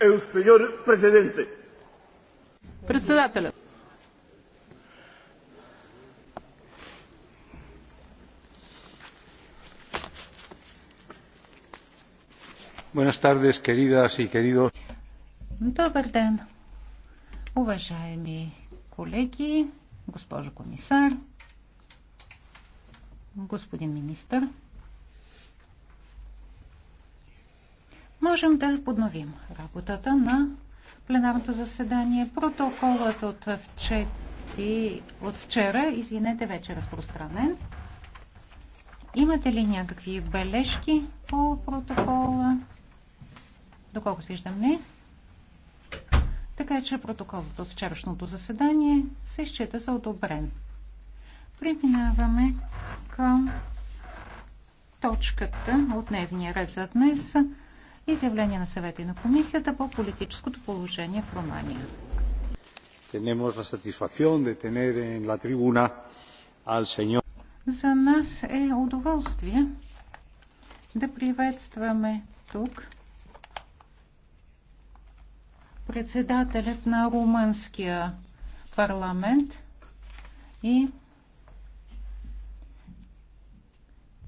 el señor presidente. Председателят. Buenas tardes, queridas y queridos. Добър ден, уважаеми колеги, госпожо комисар, господин министър. можем да подновим работата на пленарното заседание. Протоколът от, вчети, от вчера, извинете, вече е разпространен. Имате ли някакви бележки по протокола? Доколкото виждам, не. Така че протоколът от вчерашното заседание се счита за одобрен. Преминаваме към точката от дневния ред за днес изявление на съвета и на комисията по политическото положение в Румъния. За нас е удоволствие да приветстваме тук председателят на румънския парламент и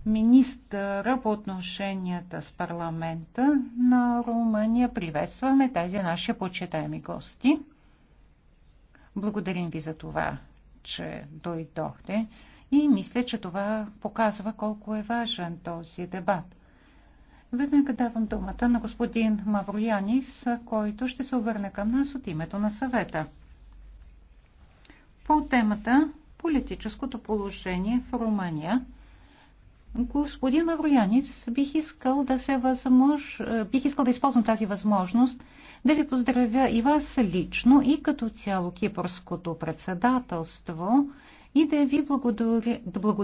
министъра по отношенията с парламента на Румъния. Приветстваме тези наши почитаеми гости. Благодарим ви за това, че дойдохте и мисля, че това показва колко е важен този дебат. Веднага давам думата на господин Мавроянис, който ще се обърне към нас от името на съвета. По темата политическото положение в Румъния – Господин Мавроянис, бих искал да се възмож... бих искал да използвам тази възможност да ви поздравя и вас лично и като цяло кипърското председателство и да ви благодаря, да благодаря